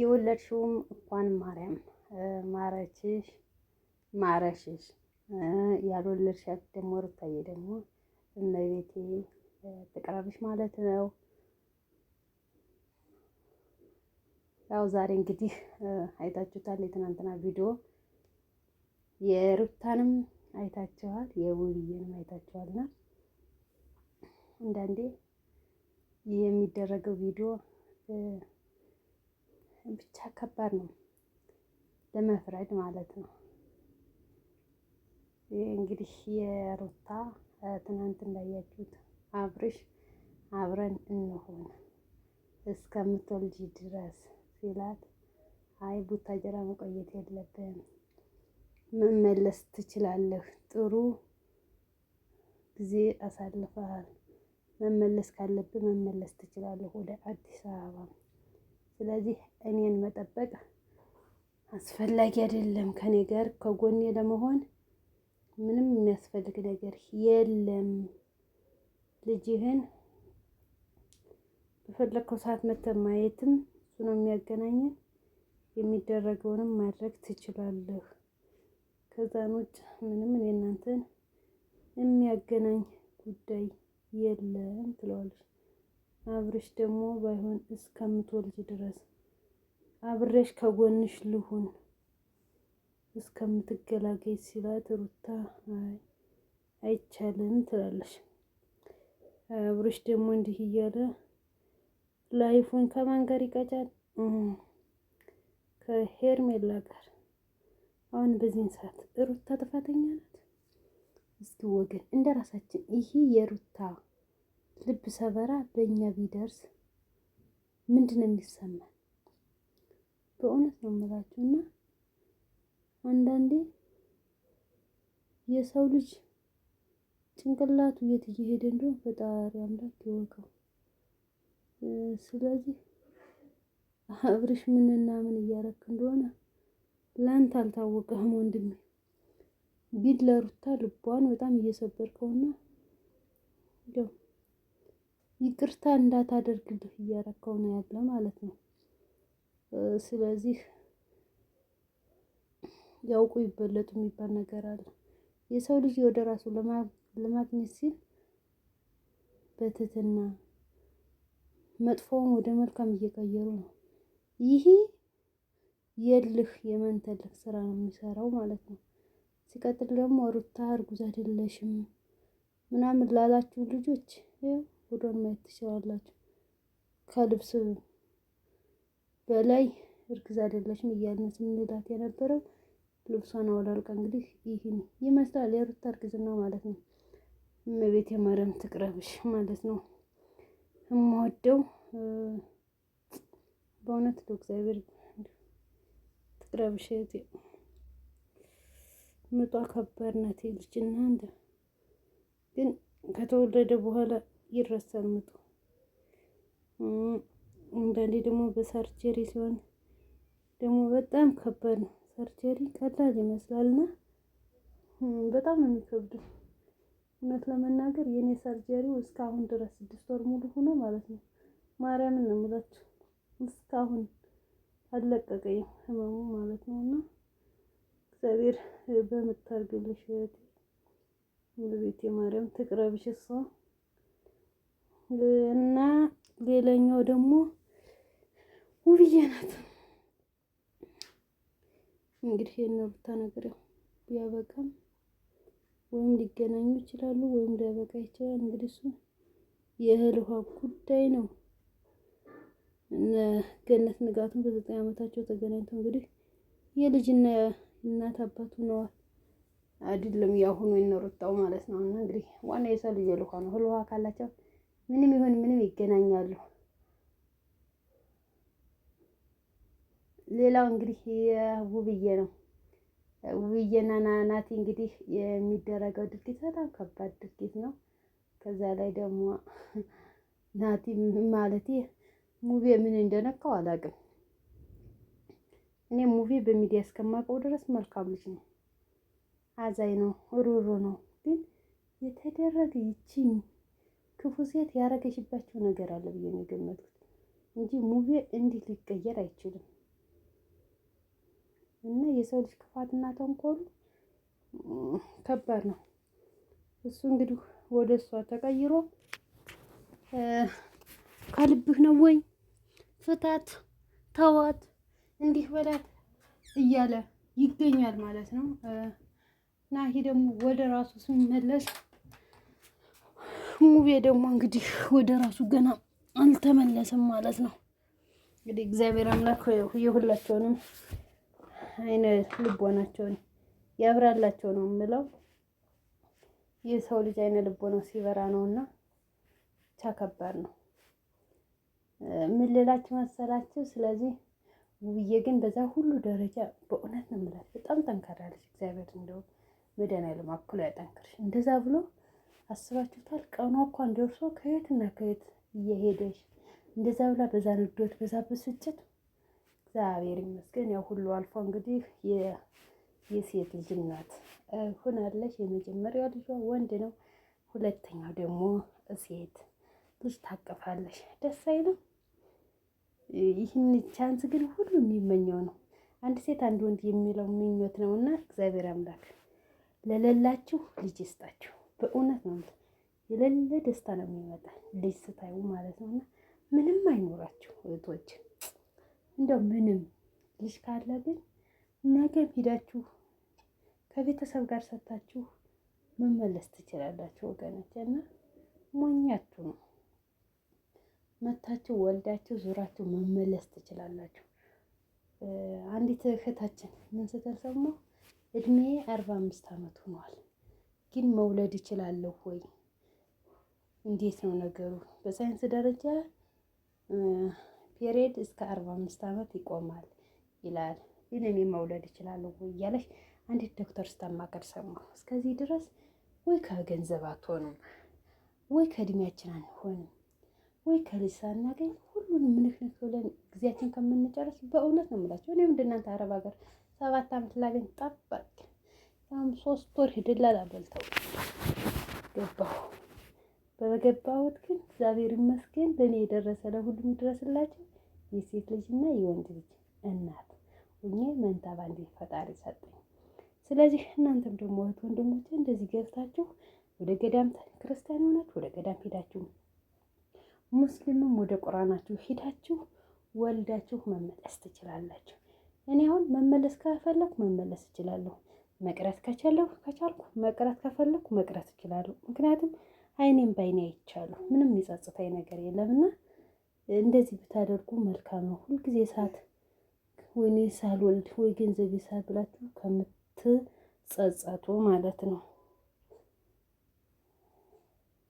የወለድሽውም እንኳን ማርያም ማረችሽ ማረሽሽ ያልወለድሻት ደግሞ ሩታዬ ደግሞ እመቤቴ ትቅረብሽ ማለት ነው። ያው ዛሬ እንግዲህ አይታችሁታል የትናንትና ቪዲዮ የሩታንም አይታችኋል፣ የውብዬንም አይታችኋልና አንዳንዴ የሚደረገው ቪዲዮ ብቻ ከባድ ነው ለመፍረድ ማለት ነው። እንግዲህ የሩታ ትናንት እንዳያችሁት አብርሽ አብረን እንሆን እስከምትወልጂ ድረስ ሲላት አይ ቡታጀራ መቆየት የለብህም መመለስ ትችላለህ፣ ጥሩ ጊዜ አሳልፈሃል፣ መመለስ ካለብህ መመለስ ትችላለህ ወደ አዲስ አበባ ስለዚህ እኔን መጠበቅ አስፈላጊ አይደለም። ከኔ ጋር ከጎኔ ለመሆን ምንም የሚያስፈልግ ነገር የለም። ልጅህን በፈለግከው ሰዓት መተህ ማየትም እሱ ነው የሚያገናኘን። የሚደረገውንም ማድረግ ትችላለህ። ከዛን ውጭ ምንም እኔ እናንተን የሚያገናኝ ጉዳይ የለም ትለዋለች። አብርሽ ደግሞ ባይሆን እስከምትወልጅ ድረስ አብረሽ ከጎንሽ ልሁን እስከምትገላገይ ሲላት ሩታ አይቻልም ትላለች። አብርሽ ደግሞ እንዲህ እያለ ላይፉን ከማን ጋር ይቀጫል? ከሄርሜላ ጋር። አሁን በዚህን ሰዓት ሩታ ጥፋተኛ ናት? እስኪ ወገን እንደ ራሳችን ይህ የሩታ ልብ ሰበራ በእኛ ቢደርስ ምንድን ነው የሚሰማን? በእውነት ነው የምላችሁ እና አንዳንዴ የሰው ልጅ ጭንቅላቱ የት እየሄደ እንደሆነ ፈጣሪ አምላክ ይወቀው። ስለዚህ አብርሽ ምንና ምን እያረክ እንደሆነ ለአንተ አልታወቀህም ወንድሜ። ቢድ ለሩታ ልቧን በጣም እየሰበርከውና ይቅርታ እንዳታደርግብህ እያረከው ነው ያለ ማለት ነው። ስለዚህ ያውቁ ይበለጡ የሚባል ነገር አለ። የሰው ልጅ ወደ ራሱ ለማግኘት ሲል በትህትና መጥፎውን ወደ መልካም እየቀየሩ ነው። ይህ የልህ የመንተልህ ስራ ነው የሚሰራው ማለት ነው። ሲቀጥል ደግሞ ሩታ እርጉዝ አይደለሽም ምናምን ላላችሁ ልጆች ቆዳን ማየት ትችላላችሁ። ከልብስ በላይ እርግዝ አይደለችም እያልን ስንላት የነበረው ልብሷን አውላልቃ እንግዲህ ይህን ይመስላል የሩታ እርግዝና ማለት ነው። እመቤት የማርያም ትቅረብሽ ማለት ነው። የምወደው በእውነት ለእግዚአብሔር ትቅረብሽ። ምጧ ከባድ ናት። ልጅና ግን ከተወለደ በኋላ ይረሳል ምጡ። አንዳንዴ ደግሞ በሰርጀሪ ሲሆን ደግሞ በጣም ከባድ ነው። ሰርጀሪ ቀላል ይመስላልና በጣም ነው የሚከብዱ እውነት ለመናገር የኔ ሰርጀሪው እስካሁን ድረስ ስድስት ወር ሙሉ ሆኖ ማለት ነው። ማርያምን ነው የምላችሁ እስካሁን አለቀቀኝም ህመሙ ማለት ነው። እና እግዚአብሔር በምታርግልሽ እህቴ፣ ማርያም ትቅረብሽ እሷ እና ሌላኛው ደግሞ ውብዬ ናት። እንግዲህ የእነ ነገር ያው ቢያበቃም ወይም ሊገናኙ ይችላሉ ወይም ሊያበቃ ይችላል። እንግዲህ እሱ የእህል ውሃ ጉዳይ ነው። ገነት ንጋቱን በዘጠኝ ዓመታቸው ተገናኝተው እንግዲህ የልጅና እናት አባት ሆነዋል። አይደለም ያሁኑ የእነ ማለት ነው። እና እንግዲህ ዋና የሰው ልጅ እህል ውሃ ነው። እህል ውሃ ካላቸው ምንም ይሁን ምንም ይገናኛሉ። ሌላው እንግዲህ የውብዬ ነው። ውብዬና ናቲ እንግዲህ የሚደረገው ድርጊት በጣም ከባድ ድርጊት ነው። ከዛ ላይ ደግሞ ናቲ ማለት ሙቪ ምን እንደነካው አላውቅም። እኔ ሙቪ በሚዲያ እስከማውቀው ድረስ መልካም ልጅ ነው፣ አዛኝ ነው፣ ሩሩ ነው። ግን የተደረገ ይቺ ክፉ ሴት ያረገሽባቸው ነገር አለ ብዬ ነው የገመትኩት እንጂ ሙቤ እንዲህ ሊቀየር አይችልም። እና የሰው ልጅ ክፋትና ተንኮሉ ከባድ ነው። እሱ እንግዲህ ወደ እሷ ተቀይሮ ከልብህ ነው ወይ ፍታት፣ ተዋት፣ እንዲህ በላት እያለ ይገኛል ማለት ነው። ናሂ ደግሞ ወደ ራሱ ሲመለስ ሙቤ ደግሞ እንግዲህ ወደ ራሱ ገና አልተመለሰም ማለት ነው። እንግዲህ እግዚአብሔር አምላክ የሁላቸውንም አይነ ልቦናቸውን ያብራላቸው ነው የምለው። የሰው ልጅ አይነ ልቦና ሲበራ ነው እና ብቻ ከባድ ነው። ምን ልላችሁ መሰላችሁ? ስለዚህ ውብዬ ግን በዛ ሁሉ ደረጃ በእውነት ነው የምላችሁ በጣም ጠንካራለች። እግዚአብሔር እንደው መድኃኒዓለም አክሎ ያጠንክርሽ እንደዛ ብሎ አስባችሁታል? ቀኗ እንኳን ደርሶ ከየትና ከየት እየሄደች እንደዛ ብላ በዛ ንዶት በዛ ብስጭት እግዚአብሔር ይመስገን ያው ሁሉ አልፎ እንግዲህ የሴት ልጅ እናት ሆናለች። የመጀመሪያው ልጇ ወንድ ነው፣ ሁለተኛው ደግሞ ሴት ልጅ ታቀፋለች። ደስ አይልም? ይህን ቻንስ ግን ሁሉ የሚመኘው ነው። አንድ ሴት አንድ ወንድ የሚለው ምኞት ነው እና እግዚአብሔር አምላክ ለሌላችሁ ልጅ ይስጣችሁ። በእውነት ነው የሌለ ደስታ ነው የሚመጣ ልጅ ስታዩ ማለት ነው። እና ምንም አይኖራችሁ እህቶች፣ እንደው ምንም ልጅ ካለ ግን ነገር ሂዳችሁ ከቤተሰብ ጋር ሰታችሁ መመለስ ትችላላችሁ ወገኖች። እና ሞኛችሁ ነው መታችሁ ወልዳችሁ ዙራችሁ መመለስ ትችላላችሁ። አንዲት እህታችን ምን ስትል ሰማሁ፣ እድሜ አርባ አምስት አመት ሆኗል ግን መውለድ እችላለሁ ወይ? እንዴት ነው ነገሩ? በሳይንስ ደረጃ ፔሬድ እስከ አርባ አምስት ዓመት ይቆማል ይላል። ግን እኔ መውለድ እችላለሁ ወይ እያለች አንዲት ዶክተር ስታማከር ሰማሁ። እስከዚህ ድረስ ወይ ከገንዘብ አትሆኑም ወይ ከእድሜያችን አንሆንም ወይ ከልጅ ሳናገኝ ሁሉንም ንክንክ ብለን ጊዜያችን ከምንጨርስ በእውነት ነው የምላቸው። እኔም እንደናንተ አረብ ሀገር ሰባት ዓመት ላገኝ ጠባቅ በጣም ሶስት ወር ሄደላ በልተው ገባሁ። በገባሁት ግን እግዚአብሔር ይመስገን ለእኔ የደረሰ ለሁሉም ይድረስላቸው። የሴት ልጅና የወንድ ልጅ እናት ሁኜ መንታ ባንዴ ፈጣሪ ሰጠኝ። ስለዚህ እናንተም ደግሞ እህት ወንድሞቼ እንደዚህ ገብታችሁ ወደ ገዳም ክርስቲያን ሆናችሁ ወደ ገዳም ሄዳችሁ ሙስሊምም ወደ ቁራናችሁ ሄዳችሁ ወልዳችሁ መመለስ ትችላላችሁ። እኔ አሁን መመለስ ከፈለኩ መመለስ እችላለሁ። መቅረት ከቻለሁ ከቻልኩ መቅረት ከፈለኩ መቅረት እችላለሁ። ምክንያቱም አይኔም በአይኔ አይቻሉ ምንም የሚጸጽተኝ ነገር የለም የለምና እንደዚህ ብታደርጉ መልካም ነው። ሁልጊዜ ሰዓት ወይኔ ሳልወልድ ወይ ገንዘብ ሳት ብላችሁ ከምትጸጸቱ ማለት ነው።